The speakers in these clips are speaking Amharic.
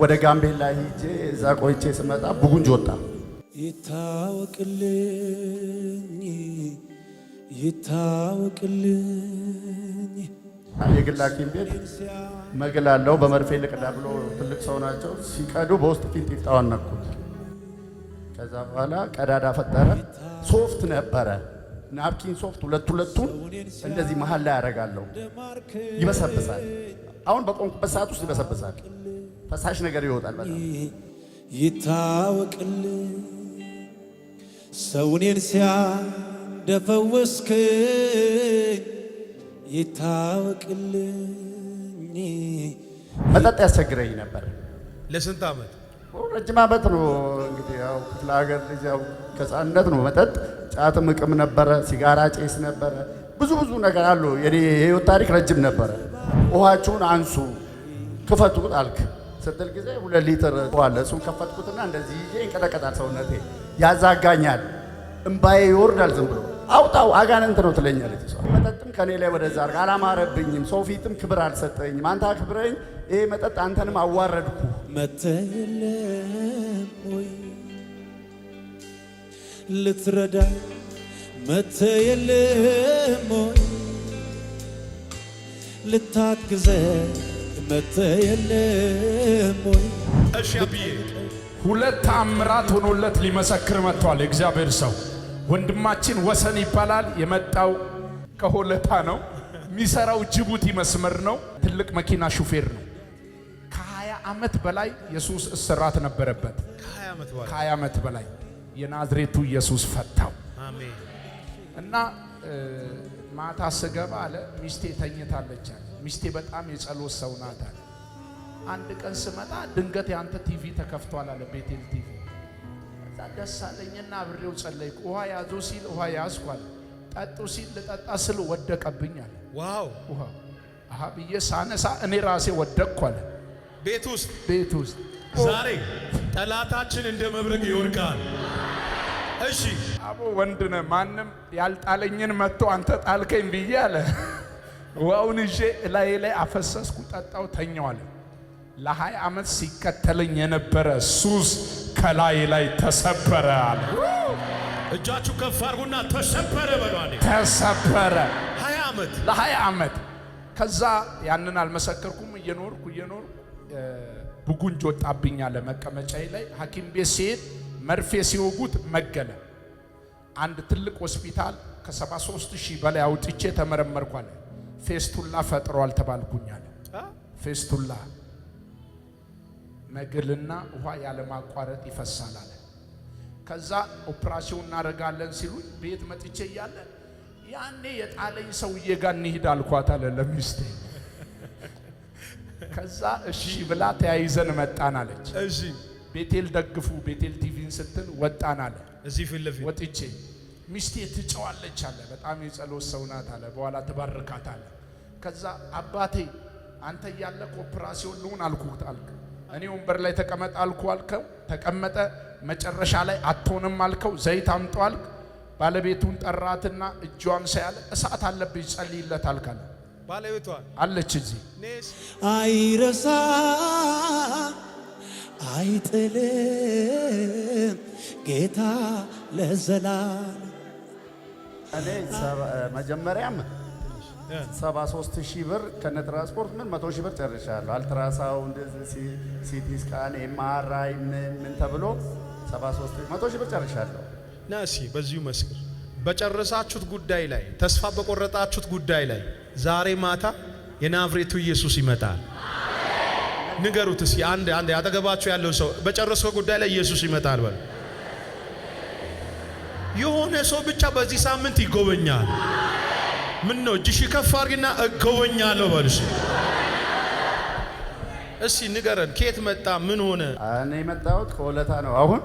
ወደ ጋምቤላ ሂጄ እዛ ቆይቼ ስመጣ ቡጉንጅ ወጣ። ይታወቅልኝ ይታወቅልኝ። የግል ሐኪም ቤት መግል አለው በመርፌ ልቅዳ ብሎ ትልቅ ሰው ናቸው ሲቀዱ በውስጥ ፊንጢጣዋን ነኩት። ከዛ በኋላ ቀዳዳ ፈጠረ። ሶፍት ነበረ ናፕኪን ሶፍት፣ ሁለት ሁለቱን እንደዚህ መሀል ላይ ያደርጋለሁ። ይበሰብሳል። አሁን በቆምኩበት ሰዓት ውስጥ ይበሰብሳል። ፈሳሽ ነገር ይወጣል። ይታወቅል ሰውኔን ሲያደፈወስክ ይታወቅልኝ። መጠጥ ያስቸግረኝ ነበር ለስንት ዓመት ረጅም ዓመት ነው እንግዲህ ያው ክፍለ ሀገር ልጅ ያው ከጻነት ነው መጠጥ ጫትም እቅም ነበረ፣ ሲጋራ ጭስ ነበረ። ብዙ ብዙ ነገር አሉ። የህይወት ታሪክ ረጅም ነበረ። ውሃችሁን አንሱ ክፈቱ አልክ። ስትል ጊዜ ሁለት ሊትር ዋለ። እሱን ከፈትኩትና እንደዚህ ይዤ ይንቀጠቀጣል ሰውነቴ፣ ያዛጋኛል፣ እምባዬ ይወርዳል። ዝም ብሎ አውጣው አጋንንት ነው ትለኛለች መጠጥም ከኔ ላይ ወደዛ አርግ አላማረብኝም። ሰው ፊትም ክብር አልሰጠኝም። አንተ አክብረኝ፣ ይሄ መጠጥ አንተንም አዋረድኩ። መተየለም ወይ ልትረዳ መተየለም ወይ ልታግዘ መተ የለም ወይ? እሺ አብዬ ሁለት ተአምራት ሆኖለት ሊመሰክር መጥቷል። እግዚአብሔር ሰው ወንድማችን ወሰን ይባላል። የመጣው ከሆለታ ነው። የሚሰራው ጅቡቲ መስመር ነው። ትልቅ መኪና ሹፌር ነው። ከ20 ዓመት በላይ የሱስ እስራት ነበረበት። ዓመት በላይ የናዝሬቱ ኢየሱስ ፈታው እና ማታ ስገባ አለ ሚስቴ ተኝታለች አለ ሚስቴ በጣም የጸሎት ሰው ናት አለ። አንድ ቀን ስመጣ ድንገት የአንተ ቲቪ ተከፍቷል አለ፣ ቤቴል ቲቪ። እዛ ደስ አለኝና አብሬው ጸለይኩ። ውሃ ያዞ ሲል ውሃ ያዝኳል፣ ጠጡ ሲል ልጠጣ ስል ወደቀብኝ አለ። ዋው ውሃ አሃ ብዬ ሳነሳ እኔ ራሴ ወደቅኩ አለ። ቤት ውስጥ ቤት ውስጥ ዛሬ ጠላታችን እንደ መብረቅ ይወድቃል። እሺ አቦ ወንድነ ማንም ያልጣለኝን መጥቶ አንተ ጣልከኝ ብዬ አለ ውሃውን ይዤ እላዬ ላይ አፈሰስኩ፣ ጠጣው፣ ተኛው አለ። ለሀያ ዓመት ሲከተለኝ የነበረ ሱስ ከላይ ላይ ተሰበረ አለ። እጃችሁ ከፍ አድርጉና ተሰበረ በሏል። ተሰበረ ለሀያ ዓመት። ከዛ ያንን አልመሰከርኩም። እየኖርኩ እየኖርኩ ብጉንጅ ወጣብኝ አለ መቀመጫዬ ላይ። ሐኪም ቤት ሲሄድ መርፌ ሲወጉት መገለ። አንድ ትልቅ ሆስፒታል ከ73 ሺህ በላይ አውጥቼ ተመረመርኳለ። ፌስቱላ ፈጥሯል ተባልኩኛል። ፌስቱላ መግልና ውሃ ያለማቋረጥ ይፈሳል አለ። ከዛ ኦፕራሲዮን እናደርጋለን ሲሉኝ ቤት መጥቼ እያለ ያኔ የጣለኝ ሰውዬ ጋር እንሂድ አልኳት አለ ለሚስቴ። ከዛ እሺ ብላ ተያይዘን መጣን አለች። እሺ ቤቴል ደግፉ ቤቴል ቲቪን ስትል ወጣን አለ እዚህ ፊት ለፊት ወጥቼ ሚስቴ ትጨዋለች አለ። በጣም የጸሎት ሰው ናት አለ። በኋላ ትባርካት አለ። ከዛ አባቴ አንተ እያለህ ኦፕራሲዮን ልሁን አልኩት አልክ። እኔ ወንበር ላይ ተቀመጠ አልኩ አልከው፣ ተቀመጠ። መጨረሻ ላይ አትሆንም አልከው፣ ዘይት አምጦ አልክ። ባለቤቱን ጠራትና እጇን ሳያለ እሳት አለብኝ ጸልይለት አልካለ። ባለቤቷ አለች እዚህ አይረሳ አይጥልም ጌታ ለዘላለም እኔ መጀመሪያም 73 ሺህ ብር ከነ ትራንስፖርት ምን 100 ሺህ ብር ጨርሻለሁ። አልትራሳውንድ፣ ሲቲ ስካን፣ ኤምአርአይ ምን ተብሎ 73 100 ሺህ ብር ጨርሻለሁ። ና እስኪ በዚሁ መስክር። በጨረሳችሁት ጉዳይ ላይ ተስፋ በቆረጣችሁት ጉዳይ ላይ ዛሬ ማታ የናዝሬቱ ኢየሱስ ይመጣል። ንገሩት እስኪ አንድ አንድ ያጠገባችሁ ያለው ሰው በጨረሰው ጉዳይ ላይ ኢየሱስ ይመጣል በሉ። የሆነ ሰው ብቻ በዚህ ሳምንት ይጎበኛል። ምን ነው እጅሽ ከፍ አድርጊና እጎበኛለሁ በልሽ። እስቲ ንገረን፣ ከየት መጣ? ምን ሆነ? እኔ የመጣሁት ከሆለታ ነው። አሁን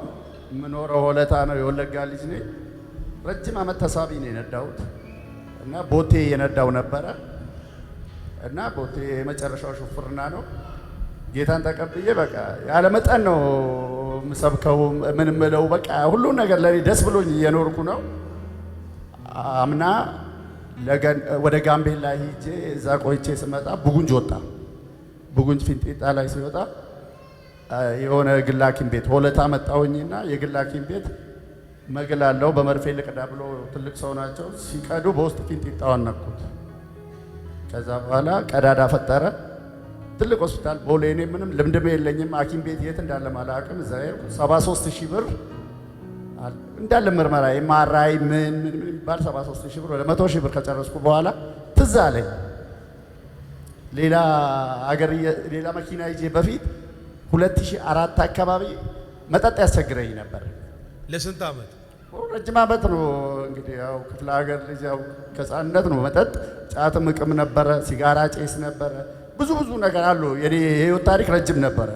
የምኖረው ሆለታ ነው። የወለጋ ልጅ ነኝ። ረጅም ዓመት ተሳቢ ነው የነዳሁት እና ቦቴ የነዳው ነበረ እና ቦቴ የመጨረሻው ሹፍርና ነው። ጌታን ተቀብዬ በቃ ያለ ነው ምሰብከው ምን ምለው በቃ ሁሉ ነገር ለኔ ደስ ብሎኝ እየኖርኩ ነው። አምና ወደ ጋምቤላ ሂጄ እዛ ቆይቼ ስመጣ ቡጉንጅ ወጣ። ቡጉንጅ ፊንጢጣ ላይ ሲወጣ የሆነ የግል ቤት ሆለታ መጣሁኝና የግል ሐኪም ቤት መግል አለው በመርፌ ልቅዳ ብሎ ትልቅ ሰው ናቸው ሲቀዱ በውስጥ ፊንጢጣዋን ነኩት። ከዛ በኋላ ቀዳዳ ፈጠረ። ትልቅ ሆስፒታል ቦሌኔ እኔ ምንም ልምድም የለኝም ሐኪም ቤት የት እንዳለ ማላውቅም። እዛ 73 ሺህ ብር እንዳለ ምርመራ የማራይ ምን ምን የሚባል 73 ሺህ ብር ወደ 100 ሺህ ብር ከጨረስኩ በኋላ ትዝ አለኝ ሌላ አገር ሌላ መኪና ይዤ በፊት 2004 አካባቢ መጠጥ ያስቸግረኝ ነበር። ለስንት ዓመት ረጅም ዓመት ነው እንግዲህ ያው ክፍለ ሀገር ልጅ ያው ከጻነት ነው መጠጥ ጫትም እቅም ነበረ፣ ሲጋራ ጭስ ነበረ ብዙ ብዙ ነገር አሉ። የኔ የህይወት ታሪክ ረጅም ነበረ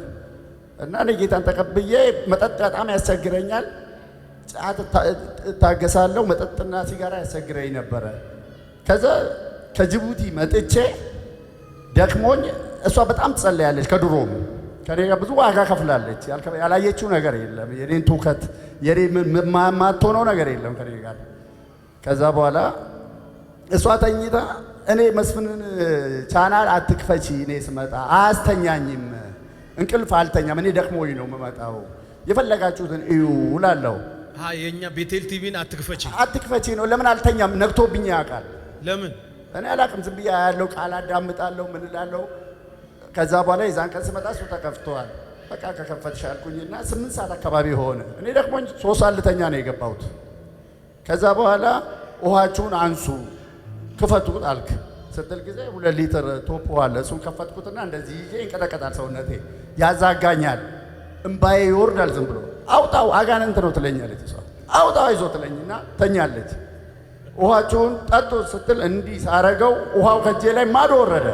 እና እኔ ጌታን ተቀብዬ መጠጥ በጣም ያስቸግረኛል፣ ጫት እታገሳለሁ። መጠጥና ሲጋራ ያስቸግረኝ ነበረ። ከዛ ከጅቡቲ መጥቼ ደክሞኝ እሷ በጣም ትጸለያለች። ከድሮም ከኔ ጋር ብዙ ዋጋ ከፍላለች። ያላየችው ነገር የለም። የኔን ትውከት የኔ የማትሆነው ነገር የለም ከኔ ጋር ከዛ በኋላ እሷ ተኝታ እኔ መስፍንን ቻናል አትክፈቺ፣ እኔ ስመጣ አያስተኛኝም፣ እንቅልፍ አልተኛም፣ እኔ ደክሞኝ ነው የምመጣው፣ የፈለጋችሁትን እዩ እላለሁ። የእኛ ቤቴል ቲቪን አትክፈቺ አትክፈቺ ነው። ለምን አልተኛም? ነግቶብኝ ያውቃል። ለምን እኔ አላቅም። ዝም ብዬ ያለው ቃል አዳምጣለሁ፣ ምን እላለሁ። ከዛ በኋላ የዛን ቀን ስመጣ እሱ ተከፍተዋል። በቃ ከከፈትሽ አልኩኝና ስምንት ሰዓት አካባቢ ሆነ። እኔ ደክሞኝ ሶስት አልተኛ ነው የገባሁት። ከዛ በኋላ ውሃችሁን አንሱ ክፈቱ አልክ ስትል ጊዜ ሁለት ሊትር ቶፖ አለ። እሱን ከፈትኩትና እንደዚህ ይዤ ይንቀጠቀጣል ሰውነቴ፣ ያዛጋኛል፣ እምባዬ ይወርዳል። ዝም ብሎ አውጣው አጋንንት ነው ትለኛለች እሷ። አውጣው አይዞ ትለኝና ተኛለች። ውሃችሁን ጠጡ ስትል እንዲህ ሳረገው ውሃው ከጄ ላይ ማዶ ወረደ፣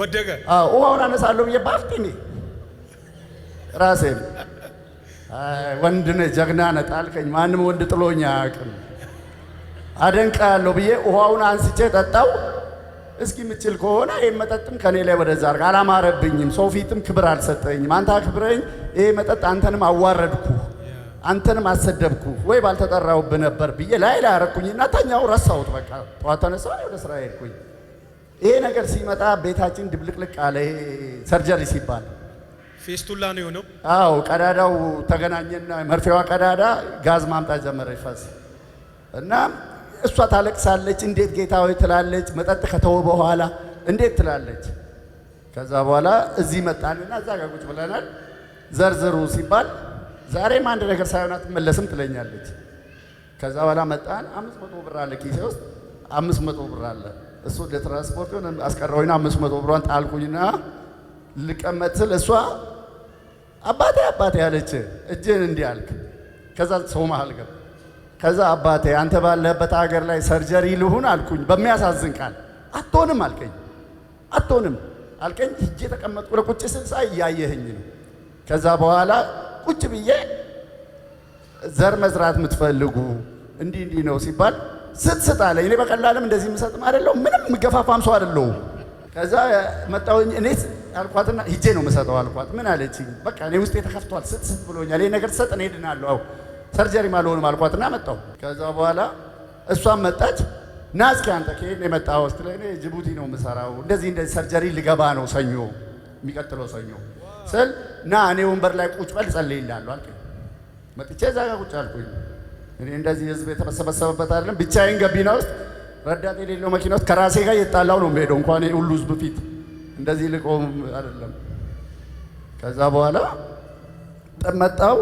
ወደቀ። ውሃውን አነሳለሁ ብዬ ባፍጢኔ ራሴ ወንድ ነህ ጀግና ነህ ጣልከኝ። ማንም ወንድ ጥሎኛ አያውቅም። አደንቀ ብዬ ውሃውን አንስቼ ጠጣው። እስኪ ምችል ከሆነ ይህ መጠጥም ከኔ ላይ ወደዛ አርግ። አላማረብኝም፣ ሰው ፊትም ክብር አልሰጠኝም። አንተ አክብረኝ፣ ይሄ መጠጥ አንተንም አዋረድኩ፣ አንተንም አሰደብኩ ወይ ባልተጠራውብ ነበር ብዬ ላይ ላይ አረኩኝና ተኛው፣ ረሳሁት። በቃ ጠዋት ተነሳ ወደ ስራ ሄድኩኝ። ይሄ ነገር ሲመጣ ቤታችን ድብልቅልቅ አለ። ሰርጀሪ ሲባል ፌስቱላ ነው የሆነው። አዎ ቀዳዳው ተገናኘና መርፌዋ ቀዳዳ ጋዝ ማምጣት ጀመረ ይፈስ እና እሷ ታለቅሳለች። እንዴት ጌታ ሆይ ትላለች። መጠጥ ከተወ በኋላ እንዴት ትላለች። ከዛ በኋላ እዚህ መጣንና እዛ ጋር ቁጭ ብለናል። ዘርዝሩ ሲባል ዛሬም አንድ ነገር ሳይሆን አትመለስም ትለኛለች። ከዛ በኋላ መጣን። አምስት መቶ ብር አለ ኪሴ ውስጥ አምስት መቶ ብር አለ። እሱ ለትራንስፖርት ሆነ አስቀረውና አምስት መቶ ብሯን ጣልኩኝና ልቀመጥ ስል እሷ አባቴ አባቴ አለች። እጅን እንዲህ አልክ። ከዛ ሰው መሃል ገባ ከዛ አባቴ አንተ ባለህበት ሀገር ላይ ሰርጀሪ ልሁን አልኩኝ። በሚያሳዝን ቃል አትሆንም አልከኝ፣ አትሆንም አልከኝ። ሂጄ ተቀመጥኩ። ለቁጭ ስልሳ እያየህኝ ነው። ከዛ በኋላ ቁጭ ብዬ ዘር መዝራት የምትፈልጉ እንዲህ እንዲህ ነው ሲባል ስትስጥ አለኝ። እኔ በቀላልም እንደዚህ የምሰጥም አይደለሁ፣ ምንም ምገፋፋም ሰው አይደለሁም። ከዛ መጣሁኝ እኔ አልኳትና ሂጄ ነው የምሰጠው አልኳት። ምን አለችኝ? በቃ እኔ ውስጤ ተከፍቷል፣ ስትስጥ ብሎኛል። ይሄ ነገር ትሰጥ እኔ እድናለሁ ሰርጀሪ አልሆንም አልኳትና መጣሁ። ከዛ በኋላ እሷም መጣች። ና እስኪ አንተ ከሄድ ነው የመጣኸው ስትለኝ እኔ ጅቡቲ ነው የምሰራው እንደዚህ እንደ ሰርጀሪ ልገባ ነው ሰኞ የሚቀጥለው ሰኞ ስል ና እኔ ወንበር ላይ ቁጭ በል ጸልይልሃለሁ አልኩኝ። መጥቼ እዛ ጋር ቁጭ አልኩኝ። እኔ እንደዚህ ህዝብ የተሰበሰበበት አይደለም። ብቻዬን ገቢና ውስጥ ረዳት የሌለው መኪና ውስጥ ከራሴ ጋር እየጣላሁ ነው የምሄደው። እንኳን ሁሉ ህዝብ ፊት እንደዚህ ልቆም አይደለም። ከዛ በኋላ መጣው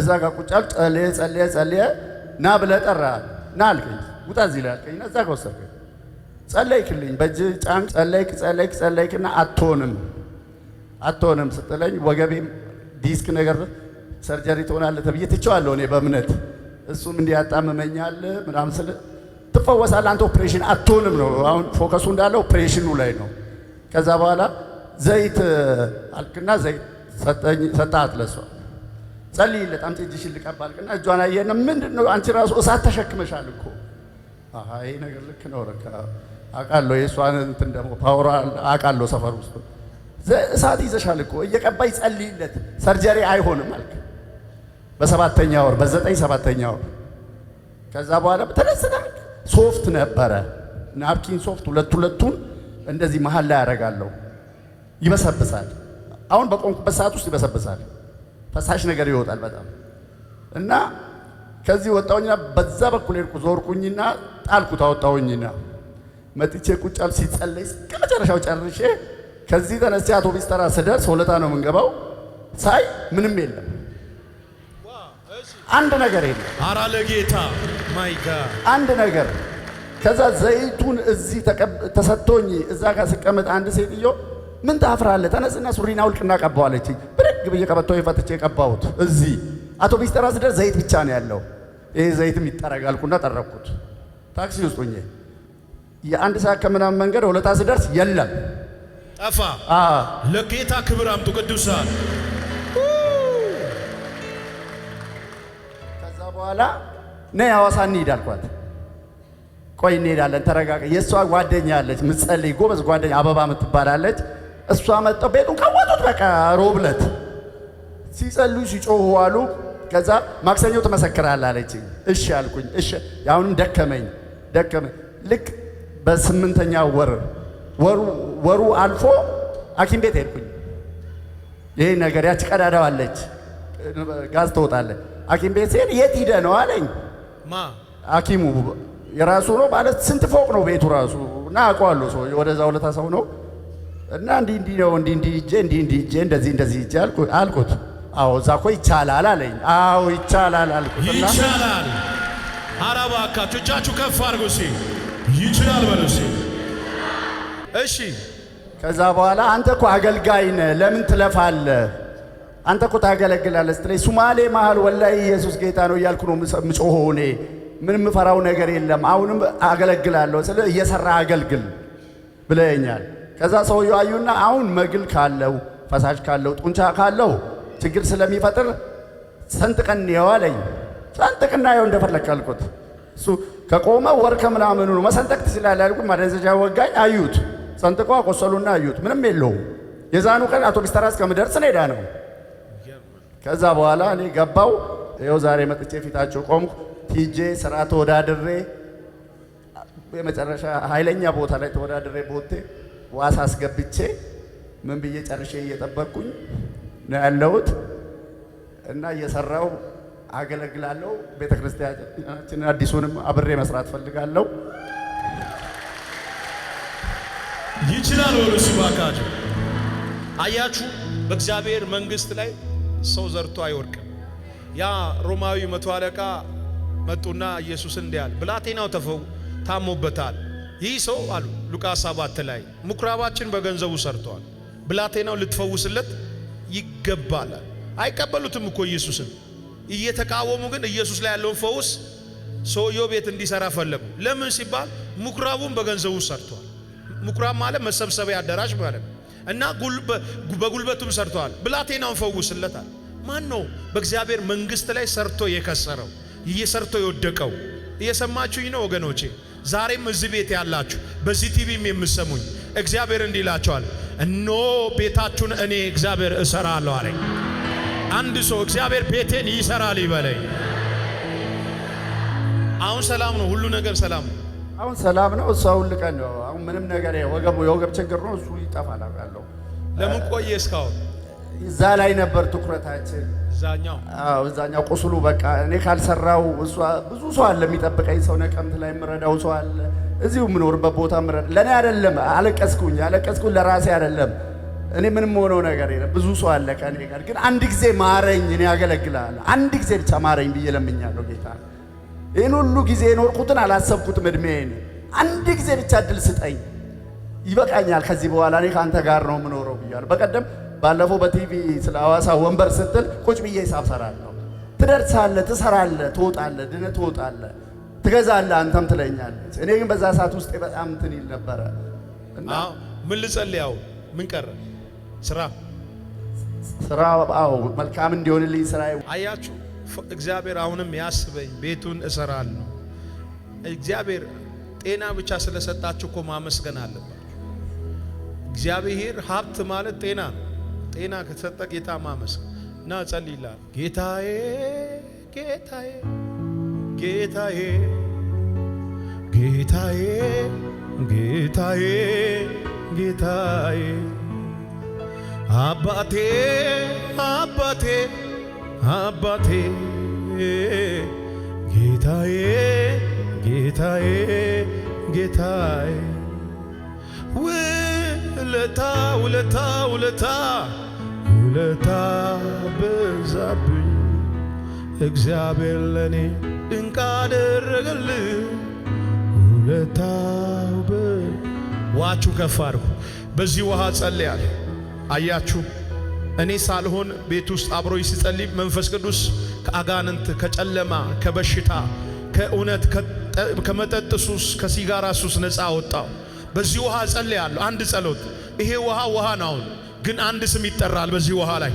እዛ ጋር ቁጫል አልኩ። ጸልየ ጸልየ ጸልየ ና ብለ ጠራህ ና አልከኝ። ውጣ እዚህ ላይ አልከኝና እዛ ጋር ወሰድከኝ። ጸለይክልኝ በእጅ ጫን ጸለይክ ጸለይክ ጸለይክና አትሆንም አትሆንም ስትለኝ ወገቤም ዲስክ ነገር ሰርጀሪ ትሆናለህ ተብዬ ትቼዋለሁ እኔ በእምነት እሱም እንዲህ ያጣምመኛል ምናምን ስል ትፈወሳለህ አንተ ኦፕሬሽን አትሆንም ነው። አሁን ፎከሱ እንዳለ ኦፕሬሽኑ ላይ ነው። ከዛ በኋላ ዘይት አልክና ዘይት ሰጠኝ ሰጣት ለሷ ጸልይለት አምጪ እጅሽን ልቀባልቅና እጇን አየነ። ምንድን ነው አንቺ ራሱ እሳት ተሸክመሻል እኮ ይሄ ነገር ልክ ነው ረካ አውቃለሁ። የእሷን እንትን ደግሞ ፓወራ አውቃለሁ። ሰፈር ውስጥ እሳት ይዘሻል እኮ እየቀባይ ጸልይለት። ሰርጀሪ አይሆንም አልክ። በሰባተኛ ወር በዘጠኝ ሰባተኛ ወር ከዛ በኋላ ተደስታ ሶፍት ነበረ ናፕኪን ሶፍት ሁለት ሁለቱን እንደዚህ መሀል ላይ ያደርጋለሁ። ይበሰብሳል። አሁን በቆንኩበት ሰዓት ውስጥ ይበሰብሳል። ፈሳሽ ነገር ይወጣል በጣም እና ከዚህ ወጣሁኝና በዛ በኩል ሄድኩ። ዞርኩኝና ጣልኩት አወጣሁኝና መጥቼ ቁጫል ሲጸለይ እስከ መጨረሻው ጨርሼ ከዚህ ተነስቼ አውቶቡስ ተራ ስደርስ ሆለታ ነው የምንገባው። ሳይ ምንም የለም፣ አንድ ነገር የለም። አራ ለጌታ ማይ ማይጋ አንድ ነገር ከዛ ዘይቱን እዚህ ተሰጥቶኝ እዛ ጋር ስቀመጥ አንድ ሴትዮ ምን ታፍራለህ? ተነስና ሱሪና ውልቅና ቀባዋለች። ግብ ከበቶ ይፈትቼ የቀባሁት እዚህ አቶ ሚስተር አስደር ዘይት ብቻ ነው ያለው። ይሄ ዘይትም ይጠረጋልኩና ጠረኩት። ታክሲ ውስጥ ሁኜ የአንድ ሰዓት ከምናምን መንገድ ሁለታ ስደርስ የለም ጠፋ። ለጌታ ክብር አምጡ ቅዱሳን። ከዛ በኋላ ነይ ሐዋሳ እንሂድ አልኳት። ቆይ እንሄዳለን፣ ተረጋጋ። የእሷ ጓደኛ አለች ምጸልይ ጎበዝ ጓደኛ አበባ ምትባላለች። እሷ መጠው ቤቱን ከወጡት በቃ ሮብለት ሲጸልዩ ሲጮሁ አሉ። ከዛ ማክሰኞ ትመሰክራለህ አለች። እሺ አልኩኝ። እሺ አሁንም ደከመኝ ደከመኝ። ልክ በስምንተኛ ወር ወሩ አልፎ ሐኪም ቤት ሄድኩኝ። ይሄ ነገር ያች አለች ጋዝ ትወጣለች። ሐኪም ቤት ሲሄድ የት ሂደ ነው አለኝ። ማ ሐኪሙ የራሱ ነው ማለት ስንት ፎቅ ነው ቤቱ ራሱ እና አውቀዋለሁ ሰው ወደዛ ሁለታ ሰው ነው እና እንዲህ እንዲህ ነው እንዲህ እንዲህ እጄ እንዲህ እንዲህ እጄ እንደዚህ እንደዚህ እጄ አልኩት አዎ እዛ እኮ ይቻላል አለኝ። አዎ ይቻላል አልኩትና ይቻላል። ኧረ እባካችሁ እጃችሁ ከፍ አድርጉ እስኪ ይችላል በሉ እስኪ። እሺ ከዛ በኋላ አንተ እኮ አገልጋይ ነህ፣ ለምን ትለፋለህ? አንተ እኮ ታገለግላለህ ስትለኝ ሱማሌ መሃል ወላሂ ኢየሱስ ጌታ ነው እያልኩ ነው የምጮኸው። እኔ ምንም ፈራው ነገር የለም፣ አሁንም አገለግላለሁ ስለ እየሰራ አገልግል ብለኛል። ከዛ ሰውየው አዩና አሁን መግል ካለው ፈሳሽ ካለው ጡንቻ ካለው ችግር ስለሚፈጥር ሰንጥቀን እንየው አለኝ። ሰንጥቀና የው እንደፈለክ አልኩት። እሱ ከቆመ ወር ከምናምኑ ነው መሰንጠቅ ትችላለህ አልኩት። ማደንዘዣ ወጋኝ። አዩት ሰንጥቆ አቆሰሉና አዩት። ምንም የለውም። የዛኑ ቀን አውቶቡስ ተራ እስከምደርስ ሄዳ ነው። ከዛ በኋላ እኔ ገባው ይኸው ዛሬ መጥቼ ፊታቸው ቆምኩ። ቲጄ ስራ ተወዳድሬ የመጨረሻ ኃይለኛ ቦታ ላይ ተወዳድሬ ቦቴ ዋስ አስገብቼ ምን ብዬ ጨርሼ እየጠበቅኩኝ ነው ያለሁት እና እየሰራው አገለግላለሁ። ቤተ ክርስቲያናችንን አዲሱንም አብሬ መስራት ፈልጋለሁ። ይችላል ወደ ሲባካድ አያችሁ፣ በእግዚአብሔር መንግስት ላይ ሰው ዘርቶ አይወድቅም። ያ ሮማዊ መቶ አለቃ መጡና ኢየሱስን እንዲህ አለ፣ ብላቴናው ተፈው ታሞበታል። ይህ ሰው አሉ ሉቃስ ሰባት ላይ ምኩራባችን በገንዘቡ ሰርቷል፣ ብላቴናው ልትፈውስለት ይገባል አይቀበሉትም እኮ ኢየሱስን። እየተቃወሙ ግን ኢየሱስ ላይ ያለውን ፈውስ ሰውየው ቤት እንዲሰራ ፈለጉ። ለምን ሲባል ምኩራቡን በገንዘቡ ሰርተዋል። ምኩራብ ማለት መሰብሰቢያ አዳራሽ ማለት እና በጉልበቱም ሰርተዋል። ብላቴናውን ፈውስለታል። ማን ነው በእግዚአብሔር መንግስት ላይ ሰርቶ የከሰረው እየሰርቶ የወደቀው? እየሰማችሁኝ ነው ወገኖቼ? ዛሬም እዚህ ቤት ያላችሁ፣ በዚህ ቲቪም የምሰሙኝ እግዚአብሔር እንዲህ ይላቸዋል፣ እነሆ ቤታችሁን እኔ እግዚአብሔር እሰራለሁ አለኝ። አንድ ሰው እግዚአብሔር ቤቴን ይሰራል ይበለኝ። አሁን ሰላም ነው፣ ሁሉ ነገር ሰላም ነው። አሁን ሰላም ነው። እሱ ልቀን ነው። አሁን ምንም ነገር የወገብ ችግር ነው። እሱ ይጠፋል አውቃለሁ። ለምን ቆየ እስካሁን እዛ ላይ ነበር ትኩረታችን። እዛኛው ቁስሉ በቃ እኔ ካልሰራው እሷ ብዙ ሰው አለ የሚጠብቀኝ ሰው፣ ነቀምት ላይ የምረዳው ሰው አለ፣ እዚሁ የምኖርበት ቦታ ምረ ለእኔ አይደለም። አለቀስኩኝ አለቀስኩኝ ለራሴ አይደለም። እኔ ምንም ሆነው ነገር የለም። ብዙ ሰው አለ ከእኔ ጋር። ግን አንድ ጊዜ ማረኝ፣ እኔ ያገለግላል አንድ ጊዜ ብቻ ማረኝ ብዬ ለምኛለሁ ጌታ። ይህን ሁሉ ጊዜ የኖርኩትን አላሰብኩትም እድሜን። አንድ ጊዜ ብቻ እድል ስጠኝ፣ ይበቃኛል፣ ከዚህ በኋላ እኔ ከአንተ ጋር ነው የምኖረው ብያለሁ። በቀደም ባለፈው በቲቪ ስለ ሐዋሳ ወንበር ስትል ቁጭ ብዬ ሂሳብ ሰራለሁ። ትደርሳለህ፣ ትሰራለህ፣ ትወጣለህ፣ ድነህ ትወጣለህ፣ ትገዛለህ፣ አንተም ትለኛለች። እኔ ግን በዛ ሰዓት ውስጥ በጣም እንትን ይል ነበረ። ምን ልጸልያው? ምን ቀረ? ስራ ስራ። አዎ መልካም እንዲሆንልኝ ስራ። አያችሁ እግዚአብሔር አሁንም ያስበኝ፣ ቤቱን እሰራለሁ። እግዚአብሔር ጤና ብቻ ስለሰጣችሁ እኮ ማመስገን አለባችሁ። እግዚአብሔር ሀብት ማለት ጤና ነው። ጤና ከተሰጠ ጌታ ማመስ እና ጸልይላል። ጌታዬ ጌታዬ ጌታዬ ጌታዬ ጌታዬ ጌታዬ አባቴ አባቴ አባቴ ጌታዬ ጌታዬ ጌታዬ ውለታ ውለታ ውለታ ውለታ በዛብኝ እግዚአብሔር ለኔ ድንቅ አደረገልኝ። ውለታ ውሃችሁ ከፍ አድርጉ። በዚህ ውሃ ጸልያል። አያችሁ እኔ ሳልሆን ቤት ውስጥ አብሮኝ ሲጸልይ መንፈስ ቅዱስ ከአጋንንት ከጨለማ ከበሽታ ከእውነት ከመጠጥ ሱስ ከሲጋራ ሱስ ነፃ ወጣው በዚህ ውሃ ጸልያለሁ። አንድ ጸሎት ይሄ ውሃ ውሃ ነው። አሁን ግን አንድ ስም ይጠራል በዚህ ውሃ ላይ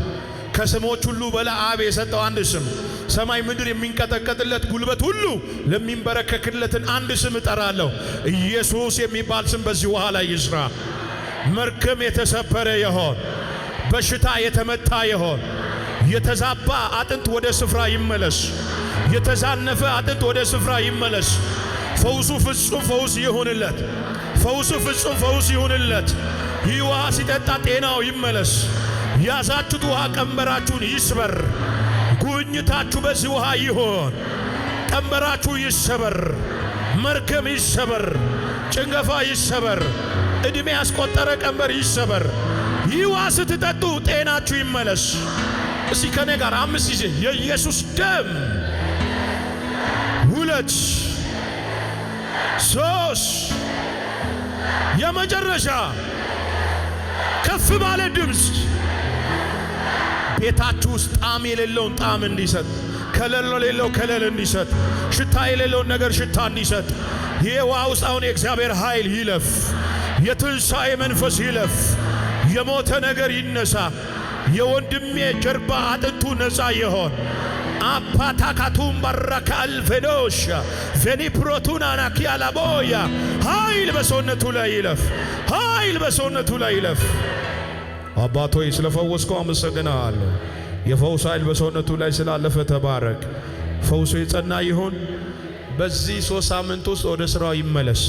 ከስሞች ሁሉ በላ አብ የሰጠው አንድ ስም ሰማይ ምድር የሚንቀጠቀጥለት ጉልበት ሁሉ ለሚንበረከክለትን አንድ ስም እጠራለሁ። ኢየሱስ የሚባል ስም በዚህ ውሃ ላይ ይስራ። መርከም የተሰበረ ይሆን፣ በሽታ የተመታ ይሆን፣ የተዛባ አጥንት ወደ ስፍራ ይመለስ። የተዛነፈ አጥንት ወደ ስፍራ ይመለስ። ፈውሱ ፍጹም ፈውስ ይሁንለት። ፈውሱ ፍጹም ፈውስ ይሁንለት። ይህ ውሃ ሲጠጣ ጤናው ይመለስ። ያዛችሁት ውሃ ቀንበራችሁን ይስበር። ጉብኝታችሁ በዚህ ውሃ ይሆን። ቀንበራችሁ ይሰበር፣ መርከም ይሰበር፣ ጭንገፋ ይሰበር፣ ዕድሜ ያስቆጠረ ቀንበር ይሰበር። ይህ ውሃ ስትጠጡ ጤናችሁ ይመለስ። እስቲ ከኔ ጋር አምስት ጊዜ የኢየሱስ ደም ሁለት ሶስት የመጨረሻ ከፍ ባለ ድምፅ ቤታችሁ ውስጥ ጣዕም የሌለውን ጣዕም እንዲሰጥ፣ ከለል የሌለው ከለል እንዲሰጥ፣ ሽታ የሌለውን ነገር ሽታ እንዲሰጥ ይሄ ውሃ ውስጥ አሁን የእግዚአብሔር ኃይል ይለፍ። የትንሣኤ መንፈስ ይለፍ። የሞተ ነገር ይነሳ። የወንድሜ ጀርባ አጥንቱ ነፃ ይሆን። አፓታካቱም ባራካ ፌዶሽ ፌኒፕሮቱን አናኪያላቦያ ኃይል በሰውነቱ ላይ ይለፍ። ኃይል በሰውነቱ ላይ ይለፍ። አባት ሆይ ስለፈወስከው አመሰግናለሁ። የፈውስ ኃይል በሰውነቱ ላይ ስላለፈ ተባረክ። ፈውሱ የጸና ይሁን። በዚህ ሶስት ሳምንት ውስጥ ወደ ሥራው ይመለስ።